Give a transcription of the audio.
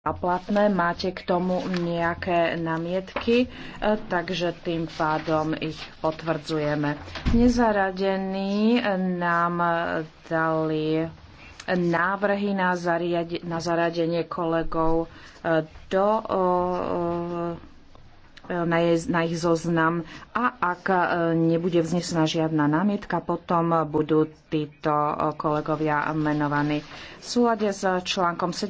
a platné. Máte k tomu nejaké namietky, e, takže tým pádom ich potvrdzujeme. Nezaradení nám dali návrhy na, zariade, na zaradenie kolegov e, do e, na, je, na ich zoznam a ak nebude vznesená žiadna námietka, potom budú títo kolegovia menovaní. V súlade s článkom 7